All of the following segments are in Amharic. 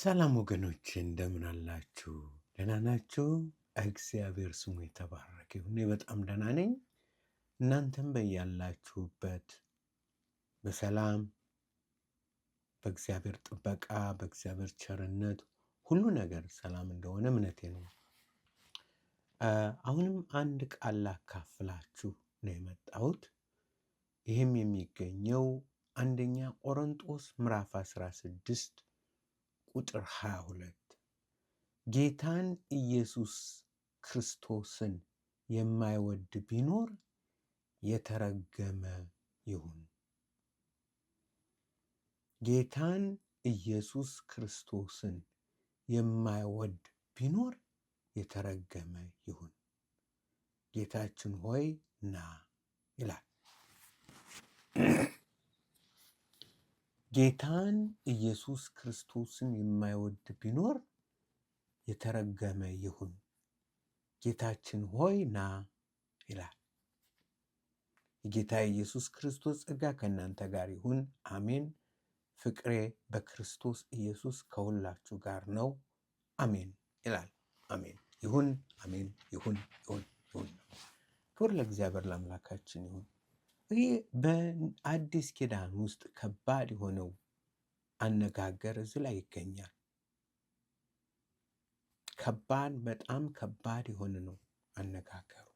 ሰላም ወገኖች እንደምን አላችሁ? ደህና ናችሁ? እግዚአብሔር ስሙ የተባረከ ይሁን። በጣም ደህና ነኝ። እናንተም በያላችሁበት በሰላም በእግዚአብሔር ጥበቃ በእግዚአብሔር ቸርነት ሁሉ ነገር ሰላም እንደሆነ እምነቴ ነው። አሁንም አንድ ቃል ላካፍላችሁ ነው የመጣሁት። ይህም የሚገኘው አንደኛ ቆሮንጦስ ምዕራፍ 16 ቁጥር 22 ጌታን ኢየሱስ ክርስቶስን የማይወድ ቢኖር የተረገመ ይሁን። ጌታን ኢየሱስ ክርስቶስን የማይወድ ቢኖር የተረገመ ይሁን። ጌታችን ሆይ ና ይላል። ጌታን ኢየሱስ ክርስቶስን የማይወድ ቢኖር የተረገመ ይሁን። ጌታችን ሆይ ና ይላል። የጌታ ኢየሱስ ክርስቶስ ጸጋ ከእናንተ ጋር ይሁን፣ አሜን። ፍቅሬ በክርስቶስ ኢየሱስ ከሁላችሁ ጋር ነው፣ አሜን ይላል። አሜን ይሁን፣ አሜን ይሁን፣ ይሁን፣ ይሁን። ክብር ለእግዚአብሔር ለአምላካችን ይሁን። ይህ በአዲስ ኪዳን ውስጥ ከባድ የሆነው አነጋገር እዚህ ላይ ይገኛል። ከባድ በጣም ከባድ የሆነ ነው አነጋገሩ።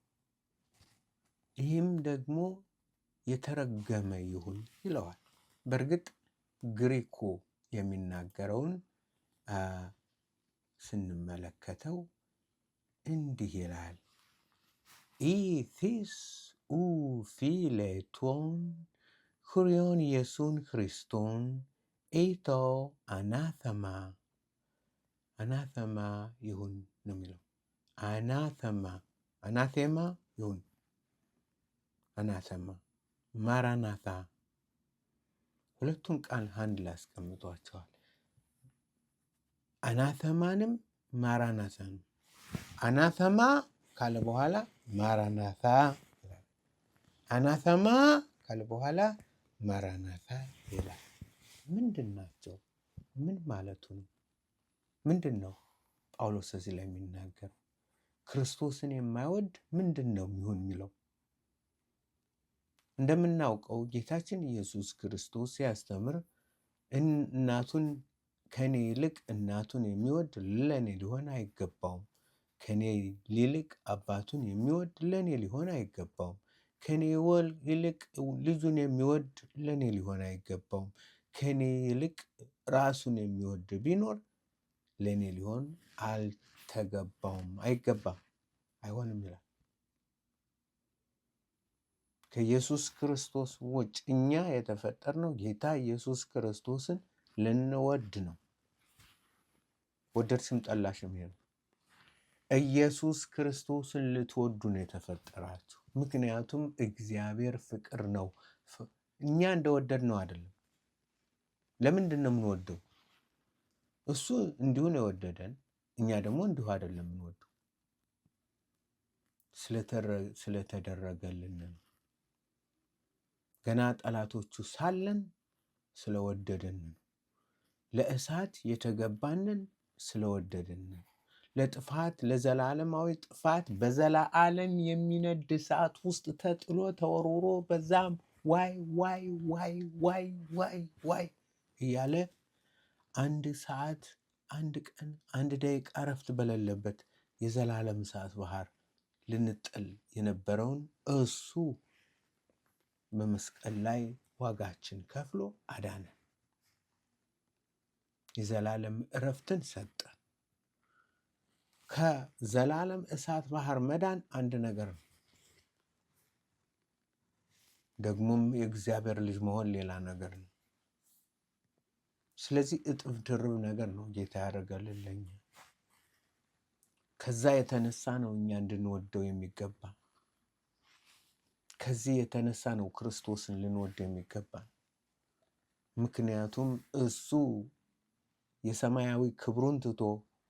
ይህም ደግሞ የተረገመ ይሁን ይለዋል። በእርግጥ ግሪኩ የሚናገረውን ስንመለከተው እንዲህ ይላል ኢቲስ ουφίλετον χωρίον የሱን Χριστόν είτο ανάθαμα. Ανάθαμα Ιουν νομίζω. Ανάθαμα. Ανάθεμα Ιουν. አናተማ ማራናታ ሁለቱን ቃል አንድ ላይ አስቀምጧቸዋል። አናተማንም ማራናታ ነው። አናተማ ካለ በኋላ ማራናታ አናተማ ካለ በኋላ መራናታ ይላል። ምንድን ናቸው? ምን ማለቱ ነው? ምንድን ነው ጳውሎስ እዚህ ላይ የሚናገር? ክርስቶስን የማይወድ ምንድን ነው የሚሆን የሚለው እንደምናውቀው ጌታችን ኢየሱስ ክርስቶስ ሲያስተምር እናቱን ከኔ ይልቅ እናቱን የሚወድ ለኔ ሊሆን አይገባውም፣ ከኔ ይልቅ አባቱን የሚወድ ለኔ ሊሆን አይገባውም፣ ከኔ ወል ይልቅ ልጁን የሚወድ ለእኔ ሊሆን አይገባውም። ከኔ ይልቅ ራሱን የሚወድ ቢኖር ለእኔ ሊሆን አልተገባውም፣ አይገባም፣ አይሆንም ይላል። ከኢየሱስ ክርስቶስ ውጭ እኛ የተፈጠርነው ጌታ ኢየሱስ ክርስቶስን ልንወድ ነው። ወደድሽም ጠላሽም ይሄ ነው። ኢየሱስ ክርስቶስን ልትወዱ ነው የተፈጠራችሁ። ምክንያቱም እግዚአብሔር ፍቅር ነው። እኛ እንደወደድ ነው አይደለም። ለምንድን ነው የምንወደው? እሱ እንዲሁ ነው የወደደን። እኛ ደግሞ እንዲሁ አይደለም የምንወደው፣ ስለተደረገልን ገና ጠላቶቹ ሳለን ስለወደደን ነው። ለእሳት የተገባንን ስለወደደን ነው። ለጥፋት ለዘላለማዊ ጥፋት በዘላለም የሚነድ እሳት ውስጥ ተጥሎ ተወርውሮ በዛም ዋይ ዋይ ዋይ ዋይ ዋይ ዋይ እያለ አንድ ሰዓት፣ አንድ ቀን፣ አንድ ደቂቃ እረፍት በሌለበት የዘላለም እሳት ባህር ልንጥል የነበረውን እሱ በመስቀል ላይ ዋጋችን ከፍሎ አዳነ። የዘላለም እረፍትን ሰጠ። ከዘላለም እሳት ባህር መዳን አንድ ነገር ነው። ደግሞም የእግዚአብሔር ልጅ መሆን ሌላ ነገር ነው። ስለዚህ እጥፍ ድርብ ነገር ነው ጌታ ያደረገልን ከዛ የተነሳ ነው እኛ እንድንወደው የሚገባ ከዚህ የተነሳ ነው ክርስቶስን ልንወድ የሚገባ ምክንያቱም እሱ የሰማያዊ ክብሩን ትቶ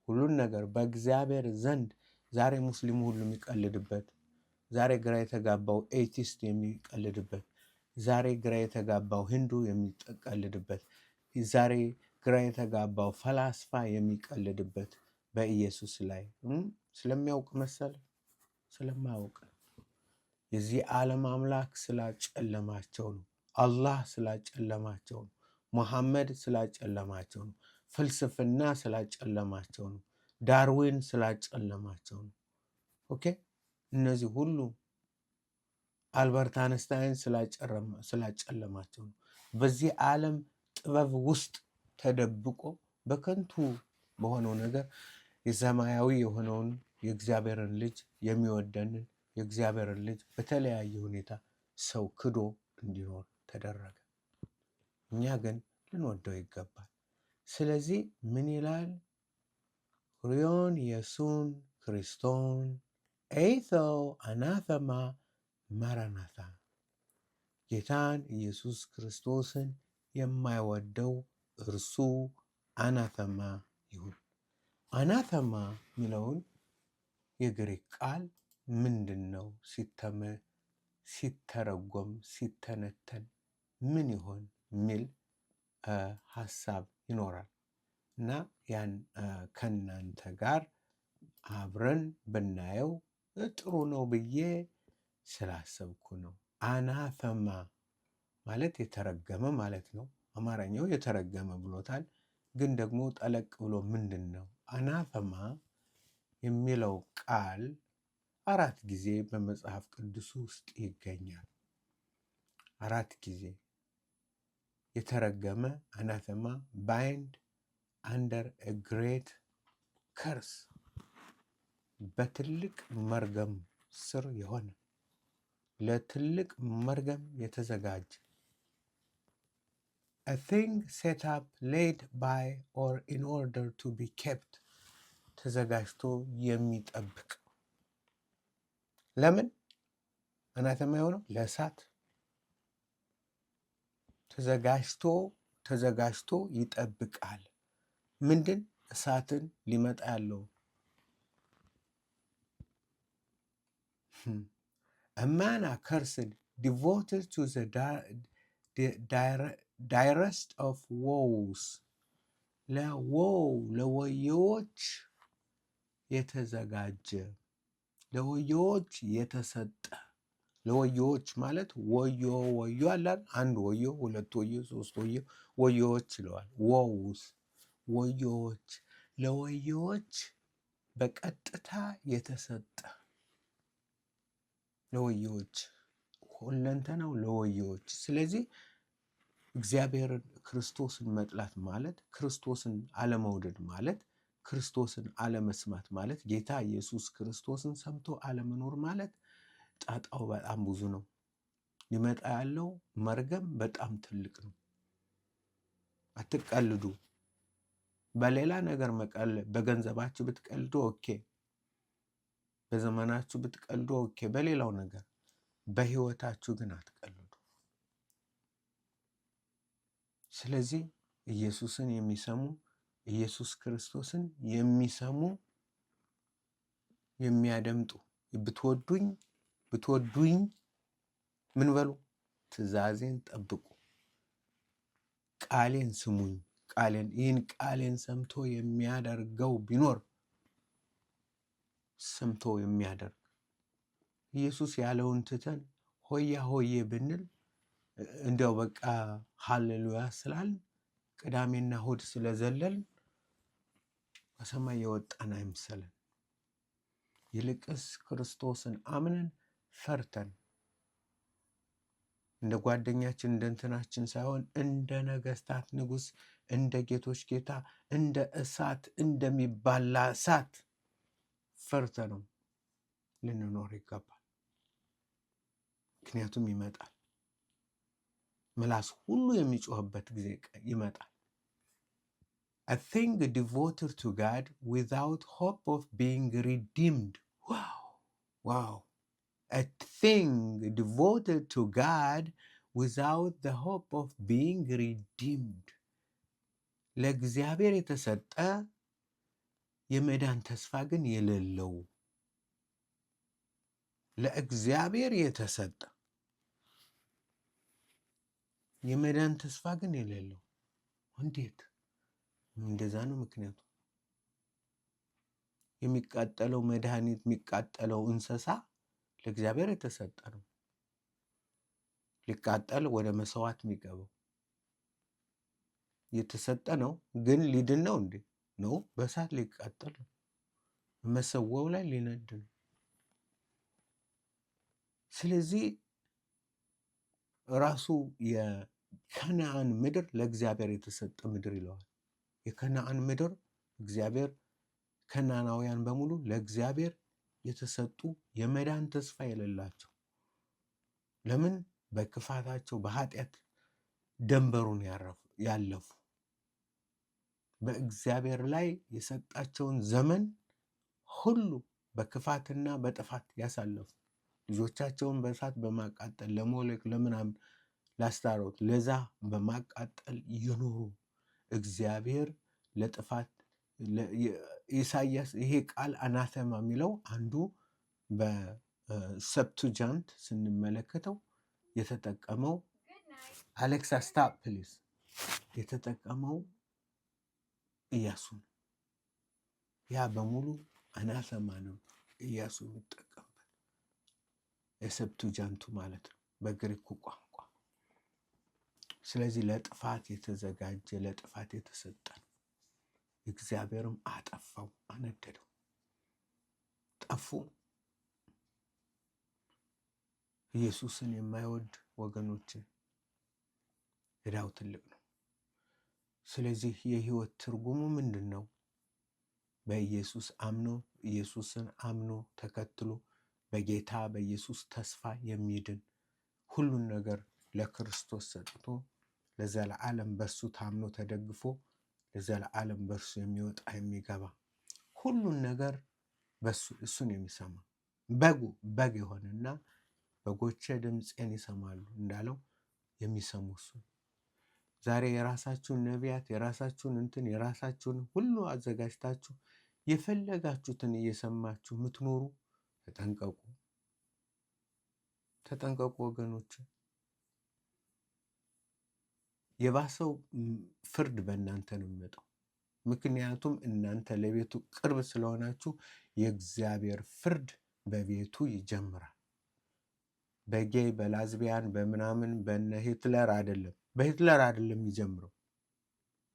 ሁሉን ነገር በእግዚአብሔር ዘንድ ዛሬ ሙስሊሙ ሁሉ የሚቀልድበት፣ ዛሬ ግራ የተጋባው ኤቲስት የሚቀልድበት፣ ዛሬ ግራ የተጋባው ሂንዱ የሚቀልድበት፣ ዛሬ ግራ የተጋባው ፈላስፋ የሚቀልድበት በኢየሱስ ላይ ስለሚያውቅ መሰል ስለማያውቅ የዚህ ዓለም አምላክ ስላጨለማቸው ነው። አላህ ስላጨለማቸው ነው። መሐመድ ስላጨለማቸው ነው። ፍልስፍና ስላጨለማቸው ነው። ዳርዊን ስላጨለማቸው ነው። ኦኬ እነዚህ ሁሉ አልበርት አነስታይን ስላጨለማቸው ነው። በዚህ ዓለም ጥበብ ውስጥ ተደብቆ በከንቱ በሆነው ነገር የሰማያዊ የሆነውን የእግዚአብሔርን ልጅ የሚወደንን የእግዚአብሔርን ልጅ በተለያየ ሁኔታ ሰው ክዶ እንዲኖር ተደረገ። እኛ ግን ልንወደው ይገባል። ስለዚህ ምን ይላል? ሪዮን የሱን ክርስቶን ኤይቶ አናተማ ማራናታ ጌታን ኢየሱስ ክርስቶስን የማይወደው እርሱ አናተማ ይሁን። አናተማ የሚለውን የግሪክ ቃል ምንድን ነው ሲተረጎም ሲተነተን ምን ይሆን የሚል ሀሳብ ይኖራል እና ያን ከእናንተ ጋር አብረን ብናየው ጥሩ ነው ብዬ ስላሰብኩ ነው። አናፈማ ማለት የተረገመ ማለት ነው። አማርኛው የተረገመ ብሎታል። ግን ደግሞ ጠለቅ ብሎ ምንድን ነው አናፈማ የሚለው ቃል አራት ጊዜ በመጽሐፍ ቅዱስ ውስጥ ይገኛል። አራት ጊዜ የተረገመ አናተማ ባይንድ አንደር ግሬት ከርስ በትልቅ መርገም ስር የሆነ ለትልቅ መርገም የተዘጋጀ a thing set up laid by or in order to be kept ተዘጋጅቶ የሚጠብቅ ለምን አናተማ የሆነው ለእሳት ተዘጋጅቶ ተዘጋጅቶ ይጠብቃል። ምንድን እሳትን ሊመጣ ያለው አማን አከርስድ ዲቮትድ ቱ ዘ ዳይረስት ኦፍ ዎውስ ለዎው ለወየዎች የተዘጋጀ ለወየዎች የተሰጠ ለወዮዎች ማለት ወዮ ወዮ አላል አንድ ወዮ፣ ሁለት ወዮ፣ ሶስት ወዮ ወዮዎች ይለዋል። ወውስ ወዮዎች ለወዮዎች በቀጥታ የተሰጠ ለወዮዎች ሁለንተናው ለወዮዎች። ስለዚህ እግዚአብሔርን ክርስቶስን መጥላት ማለት ክርስቶስን አለመውደድ ማለት ክርስቶስን አለመስማት ማለት ጌታ ኢየሱስ ክርስቶስን ሰምቶ አለመኖር ማለት ጣጣው በጣም ብዙ ነው። ሊመጣ ያለው መርገም በጣም ትልቅ ነው። አትቀልዱ። በሌላ ነገር መቀል በገንዘባችሁ ብትቀልዱ ኦኬ፣ በዘመናችሁ ብትቀልዱ ኦኬ፣ በሌላው ነገር በህይወታችሁ ግን አትቀልዱ። ስለዚህ ኢየሱስን የሚሰሙ ኢየሱስ ክርስቶስን የሚሰሙ የሚያደምጡ ብትወዱኝ ብትወዱኝ ምን በሉ ትእዛዜን ጠብቁ፣ ቃሌን ስሙኝ። ቃሌን ይህን ቃሌን ሰምቶ የሚያደርገው ቢኖር ሰምቶ የሚያደርግ ኢየሱስ ያለውን ትተን ሆያ ሆዬ ብንል እንዲያው በቃ ሀሌሉያ ስላልን ቅዳሜና ሆድ ስለዘለልን በሰማይ የወጣን አይምሰልን። ይልቅስ ክርስቶስን አምነን ፈርተን እንደ ጓደኛችን እንደ እንትናችን ሳይሆን እንደ ነገስታት ንጉስ እንደ ጌቶች ጌታ፣ እንደ እሳት እንደሚባላ እሳት ፈርተነው ልንኖር ይገባል። ምክንያቱም ይመጣል። ምላስ ሁሉ የሚጮህበት ጊዜ ይመጣል። አ ቲንግ devoted ቱ ጋድ ዊዛውት ሆፕ ኦፍ ቢንግ ሪዲምድ ዋው ዋው a thing devoted to God without the hope of being redeemed ለእግዚአብሔር የተሰጠ የመዳን ተስፋ ግን የሌለው ለእግዚአብሔር የተሰጠ የመዳን ተስፋ ግን የሌለው እንዴት እንደዛ ነው ምክንያቱም የሚቃጠለው መድኃኒት የሚቃጠለው እንስሳ ለእግዚአብሔር የተሰጠ ነው። ሊቃጠል ወደ መሰዋት የሚገባው የተሰጠ ነው። ግን ሊድን ነው እንዴ? ነው በእሳት ሊቃጠል ነው። መሰዋው ላይ ሊነድ ነው። ስለዚህ ራሱ የከነአን ምድር ለእግዚአብሔር የተሰጠ ምድር ይለዋል። የከነአን ምድር እግዚአብሔር ከነአናውያን በሙሉ ለእግዚአብሔር የተሰጡ የመዳን ተስፋ የሌላቸው ለምን በክፋታቸው በኃጢአት ደንበሩን ያለፉ በእግዚአብሔር ላይ የሰጣቸውን ዘመን ሁሉ በክፋትና በጥፋት ያሳለፉ ልጆቻቸውን በእሳት በማቃጠል ለሞለክ ለምናምን ላስታሮት ለዛ በማቃጠል የኖሩ እግዚአብሔር ለጥፋት ኢሳያስ ይሄ ቃል አናተማ የሚለው አንዱ በሰብቱጃንት ስንመለከተው የተጠቀመው አሌክሳ ስታ ፕሊዝ የተጠቀመው ኢያሱ ነው። ያ በሙሉ አናተማ ነው። እያሱ የሚጠቀምበት የሰብቱጃንቱ ማለት ነው በግሪኩ ቋንቋ። ስለዚህ ለጥፋት የተዘጋጀ ለጥፋት የተሰጠ ነው። እግዚአብሔርም አጠፋው፣ አነደደው፣ ጠፉ። ኢየሱስን የማይወድ ወገኖች ዕዳው ትልቅ ነው። ስለዚህ የህይወት ትርጉሙ ምንድን ነው? በኢየሱስ አምኖ ኢየሱስን አምኖ ተከትሎ በጌታ በኢየሱስ ተስፋ የሚድን ሁሉን ነገር ለክርስቶስ ሰጥቶ ለዘላለም በሱ ታምኖ ተደግፎ ለዘለዓለም በእርሱ የሚወጣ የሚገባ ሁሉን ነገር በሱ እሱን የሚሰማ በጉ በግ የሆነና በጎቼ ድምፄን ይሰማሉ እንዳለው የሚሰሙ እሱ ዛሬ የራሳችሁን ነቢያት የራሳችሁን እንትን የራሳችሁን ሁሉ አዘጋጅታችሁ የፈለጋችሁትን እየሰማችሁ የምትኖሩ ተጠንቀቁ፣ ተጠንቀቁ ወገኖችን የባሰው ፍርድ በእናንተ ነው የሚመጣው። ምክንያቱም እናንተ ለቤቱ ቅርብ ስለሆናችሁ የእግዚአብሔር ፍርድ በቤቱ ይጀምራል። በጌይ በላዝቢያን በምናምን በነ ሂትለር አይደለም፣ በሂትለር አይደለም የሚጀምረው።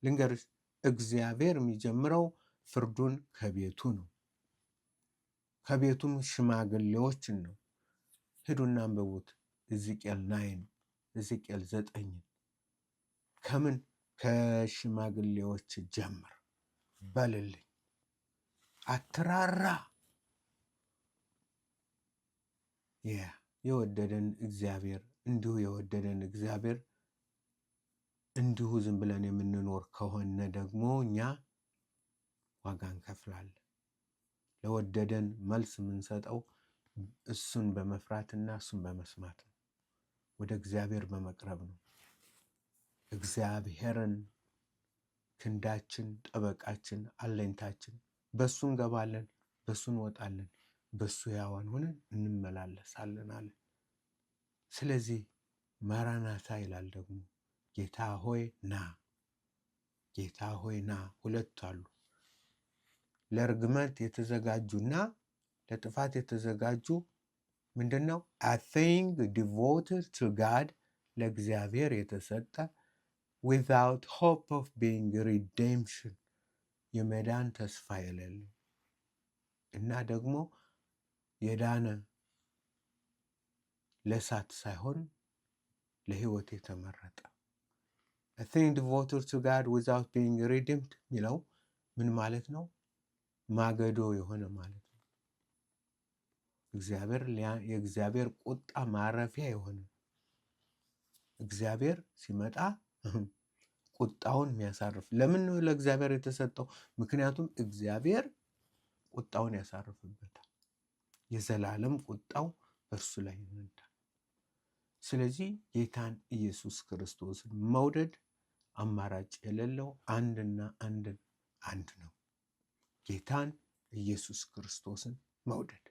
ልንገርሽ፣ እግዚአብሔር የሚጀምረው ፍርዱን ከቤቱ ነው። ከቤቱም ሽማግሌዎችን ነው። ሂዱና አንብቡት፣ ሕዝቅኤል ናይን፣ ሕዝቅኤል ዘጠኝን ከምን ከሽማግሌዎች ጀምር በልልኝ፣ አትራራ። የወደደን እግዚአብሔር እንዲሁ የወደደን እግዚአብሔር እንዲሁ ዝም ብለን የምንኖር ከሆነ ደግሞ እኛ ዋጋ እንከፍላለን። ለወደደን መልስ የምንሰጠው እሱን በመፍራትና እሱን በመስማት ነው፣ ወደ እግዚአብሔር በመቅረብ ነው። እግዚአብሔርን ክንዳችን፣ ጠበቃችን፣ አለኝታችን፣ በሱ እንገባለን፣ በሱ እንወጣለን፣ በሱ ያዋን ሆነን እንመላለሳለን አለ። ስለዚህ መራናታ ይላል ደግሞ ጌታ ሆይ ና፣ ጌታ ሆይ ና። ሁለቱ አሉ ለርግመት የተዘጋጁ ና ለጥፋት የተዘጋጁ ምንድን ነው? ዲቮት ዲቮትድ ቱ ጋድ ለእግዚአብሔር የተሰጠ ዊዛውት ሆፕ ኦፍ ቢንግ ሪዴምሽን የመዳን ተስፋ የሌለው እና ደግሞ የዳነ ለእሳት ሳይሆን ለህይወት የተመረጠ ቲንግ ዲቮትድ ቱ ጋድ ዊዛውት ቢንግ ሪዲምድ የሚለው ምን ማለት ነው? ማገዶ የሆነ ማለት ነው። እግዚአብሔር የእግዚአብሔር ቁጣ ማረፊያ የሆነ እግዚአብሔር ሲመጣ ቁጣውን የሚያሳርፍ ለምን ነው ለእግዚአብሔር የተሰጠው? ምክንያቱም እግዚአብሔር ቁጣውን ያሳርፍበታል። የዘላለም ቁጣው በእርሱ ላይ ይነዳል። ስለዚህ ጌታን ኢየሱስ ክርስቶስን መውደድ አማራጭ የሌለው አንድና አንድ አንድ ነው። ጌታን ኢየሱስ ክርስቶስን መውደድ።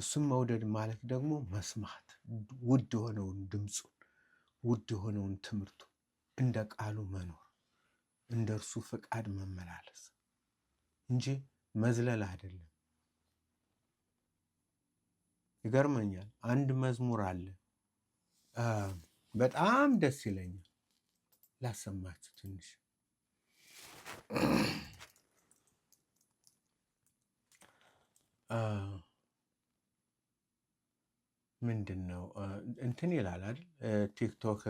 እሱም መውደድ ማለት ደግሞ መስማት ውድ የሆነውን ድምፁን ውድ የሆነውን ትምህርቱ እንደ ቃሉ መኖር፣ እንደ እርሱ ፍቃድ መመላለስ እንጂ መዝለል አይደለም። ይገርመኛል። አንድ መዝሙር አለ በጣም ደስ ይለኛል። ላሰማችሁ ትንሽ ምንድን ነው እንትን ይላል አይደል ቲክቶክ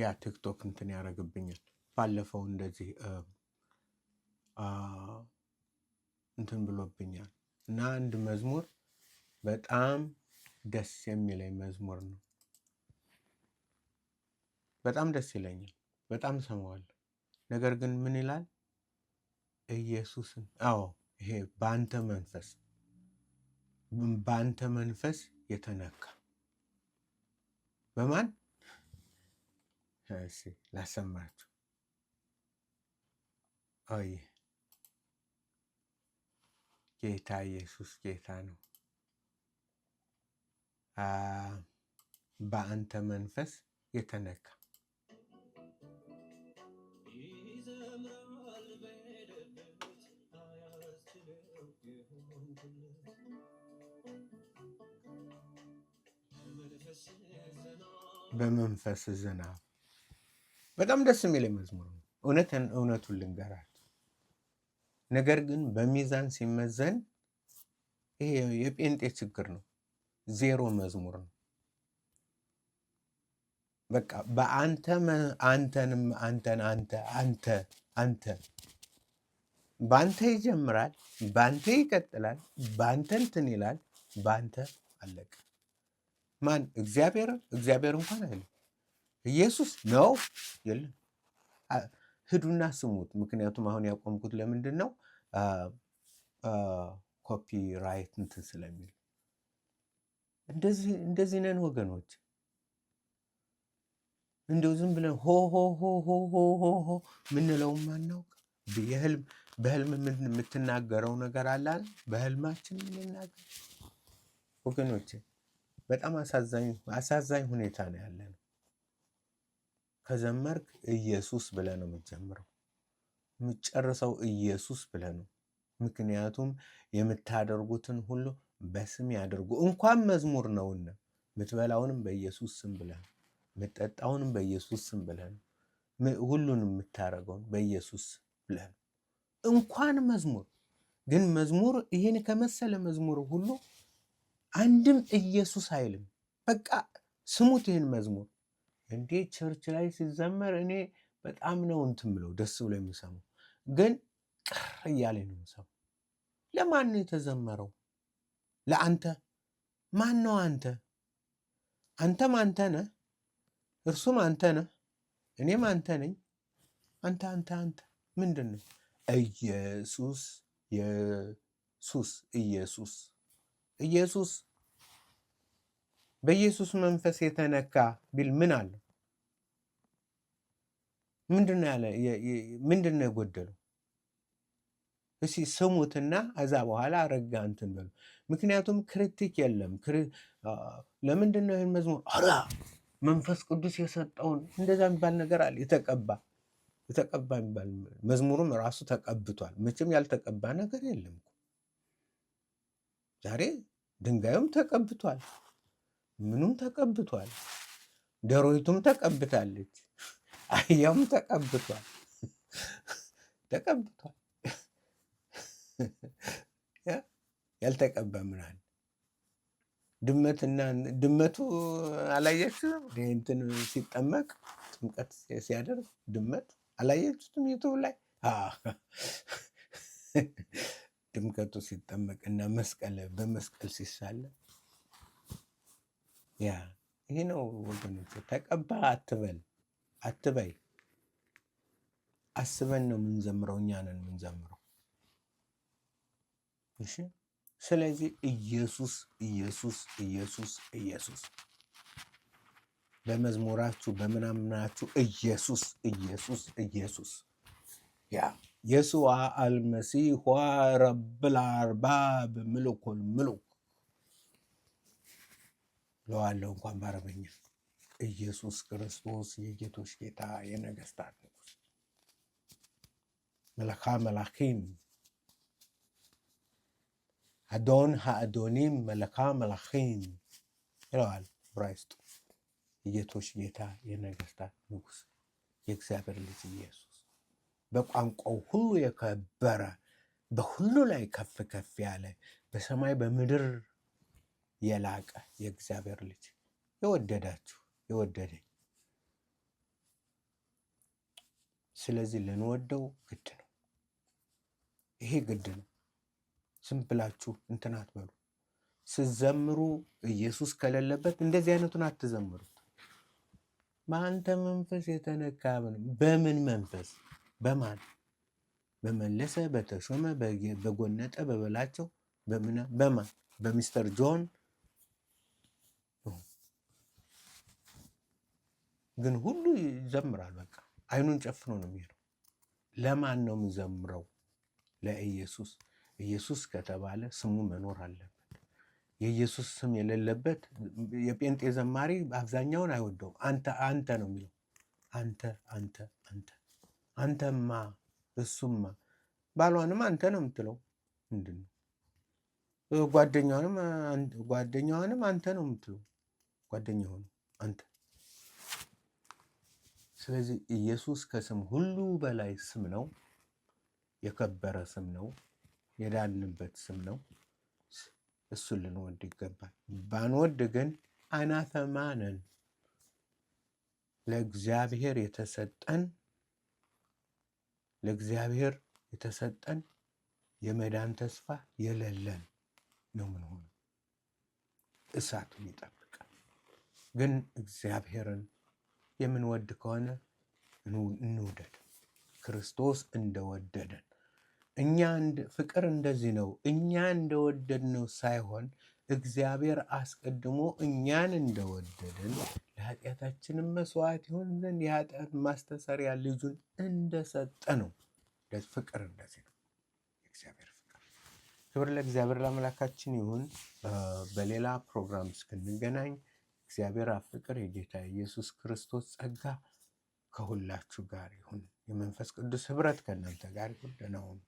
ያ ቲክቶክ እንትን ያደርግብኛል። ባለፈው እንደዚህ እንትን ብሎብኛል እና አንድ መዝሙር በጣም ደስ የሚለኝ መዝሙር ነው። በጣም ደስ ይለኛል፣ በጣም ሰማዋለሁ። ነገር ግን ምን ይላል? ኢየሱስን አዎ፣ ይሄ በአንተ መንፈስ በአንተ መንፈስ የተነካ በማን እሺ ላሰማችሁ ኦይ ጌታ ኢየሱስ ጌታ ነው። በአንተ መንፈስ የተነካ ይዘምራል በመንፈስ ዝናብ በጣም ደስ የሚል መዝሙር ነው። እውነትን እውነቱን ልንገራችሁ፣ ነገር ግን በሚዛን ሲመዘን ይሄ የጴንጤ ችግር ነው። ዜሮ መዝሙር ነው። በቃ በአንተ አንተንም አንተን አንተ አንተ አንተ በአንተ ይጀምራል፣ በአንተ ይቀጥላል፣ በአንተ እንትን ይላል፣ በአንተ አለቀ። ማን እግዚአብሔር እግዚአብሔር እንኳን አይልም። ኢየሱስ ነው የለም። ሂዱና ስሙት። ምክንያቱም አሁን ያቆምኩት ለምንድን ነው ኮፒራይት እንትን ስለሚል እንደዚህ ነን ወገኖች። እንደው ዝም ብለን ሆ ሆ ሆ ሆ ምንለውም አናውቅ። በህልም የምትናገረው ነገር አላን በህልማችን የምንናገር ወገኖች? በጣም አሳዛኝ ሁኔታ ነው ያለ ነው። ከዘመርክ ኢየሱስ ብለህ ነው የምትጀምረው፣ የምትጨርሰው ኢየሱስ ብለህ ነው። ምክንያቱም የምታደርጉትን ሁሉ በስም ያደርጉ እንኳን መዝሙር ነውና፣ ምትበላውንም በኢየሱስ ስም ብለህ ነው፣ ምጠጣውንም በኢየሱስ ስም ብለህ ነው፣ ሁሉንም የምታደርገውን በኢየሱስ ብለህ ነው። እንኳን መዝሙር ግን መዝሙር ይህን ከመሰለ መዝሙር ሁሉ አንድም ኢየሱስ አይልም። በቃ ስሙት ይህን መዝሙር እንዴ ቸርች ላይ ሲዘመር እኔ በጣም ነው እንትን ብለው ደስ ብሎ የሚሰማው ግን ቅር እያለ ነው የሚሰማው። ለማን ነው የተዘመረው? ለአንተ ማን ነው አንተ? አንተም አንተ ነህ፣ እርሱም አንተ ነህ፣ እኔም አንተ ነኝ። አንተ አንተ አንተ ምንድን ነው? ኢየሱስ ኢየሱስ ኢየሱስ ኢየሱስ በኢየሱስ መንፈስ የተነካ ቢል ምን አለ? ምንድን ነው የጎደለው? እሺ ስሙትና እዛ በኋላ አረጋ እንትን በሉ። ምክንያቱም ክሪቲክ የለም። ለምንድነው ይህን መዝሙር አራ መንፈስ ቅዱስ የሰጠውን እንደዛ የሚባል ነገር አለ። የተቀባ የተቀባ የሚባል መዝሙሩም ራሱ ተቀብቷል። መቼም ያልተቀባ ነገር የለም ዛሬ ድንጋዩም ተቀብቷል፣ ምኑም ተቀብቷል፣ ደሮይቱም ተቀብታለች፣ አህያውም ተቀብቷል ተቀብቷል። ያልተቀባ አለ? ድመትና ድመቱ አላያችሁም? እንትን ሲጠመቅ ጥምቀት ሲያደርግ ድመት አላያችሁትም? ዩቱብ ላይ ድምቀቱ ሲጠመቅ እና መስቀል በመስቀል ሲሳለ ያ ይህ ነው ወገኖች። ተቀባ አትበል አትበይ። አስበን ነው የምንዘምረው፣ እኛ ነን የምንዘምረው። እሺ ስለዚህ ኢየሱስ ኢየሱስ ኢየሱስ ኢየሱስ በመዝሙራችሁ በምናምናችሁ ኢየሱስ ኢየሱስ ኢየሱስ ያ የሱዋ al-Masiha Rabbil Arbab ምሉክ ለዋለው እንኳን ባረበኛ ኢየሱስ ክርስቶስ የጌቶች ጌታ የነገስታት ንጉስ መለካ መላኪም አዶን ሃአዶኒም መለካ መላኪም ይለዋል ዕብራይስጡ የጌቶች ጌታ የነገስታት ንጉስ የእግዚአብሔር ልጅ ኢየሱስ በቋንቋው ሁሉ የከበረ በሁሉ ላይ ከፍ ከፍ ያለ በሰማይ በምድር የላቀ የእግዚአብሔር ልጅ የወደዳችሁ የወደደኝ። ስለዚህ ልንወደው ግድ ነው። ይሄ ግድ ነው። ዝም ብላችሁ እንትን አትበሉ። ስዘምሩ ኢየሱስ ከሌለበት እንደዚህ አይነቱን አትዘምሩት። በአንተ መንፈስ የተነካ በምን መንፈስ በማን በመለሰ በተሾመ በጎነጠ በበላቸው በምን በማን በሚስተር ጆን ግን ሁሉ ይዘምራል። በቃ አይኑን ጨፍኖ ነው የሚሄደው። ለማን ነው የሚዘምረው? ለኢየሱስ። ኢየሱስ ከተባለ ስሙ መኖር አለበት። የኢየሱስ ስም የሌለበት የጴንጤ ዘማሪ አብዛኛውን አይወደውም። አንተ አንተ ነው የሚለው። አንተ አንተ አንተ አንተማ እሱማ ባሏንም አንተ ነው የምትለው። ምንድን ነው ጓደኛዋንም አንተ ነው የምትለው። ጓደኛ ሆነ አንተ። ስለዚህ ኢየሱስ ከስም ሁሉ በላይ ስም ነው። የከበረ ስም ነው። የዳንበት ስም ነው። እሱን ልንወድ ይገባል። ባንወድ ግን አናተማ ነን። ለእግዚአብሔር የተሰጠን ለእግዚአብሔር የተሰጠን የመዳን ተስፋ የሌለን ነው ምንሆኑ። እሳቱን ይጠብቃል። ግን እግዚአብሔርን የምንወድ ከሆነ እንውደድ፣ ክርስቶስ እንደወደደን እኛ ፍቅር እንደዚህ ነው። እኛ እንደወደድነው ሳይሆን እግዚአብሔር አስቀድሞ እኛን እንደወደደን የኃጢአታችንን መስዋዕት ይሆን ዘንድ የኃጢአት ማስተሰሪያ ልጁን እንደሰጠ ነው። ፍቅር እንደዚህ ነው፣ የእግዚአብሔር ፍቅር። ክብር ለእግዚአብሔር ለአምላካችን ይሁን። በሌላ ፕሮግራም እስክንገናኝ እግዚአብሔር አብ ፍቅር፣ የጌታ ኢየሱስ ክርስቶስ ጸጋ ከሁላችሁ ጋር ይሁን። የመንፈስ ቅዱስ ህብረት ከእናንተ ጋር ይሁን። ደህና ሁኑ።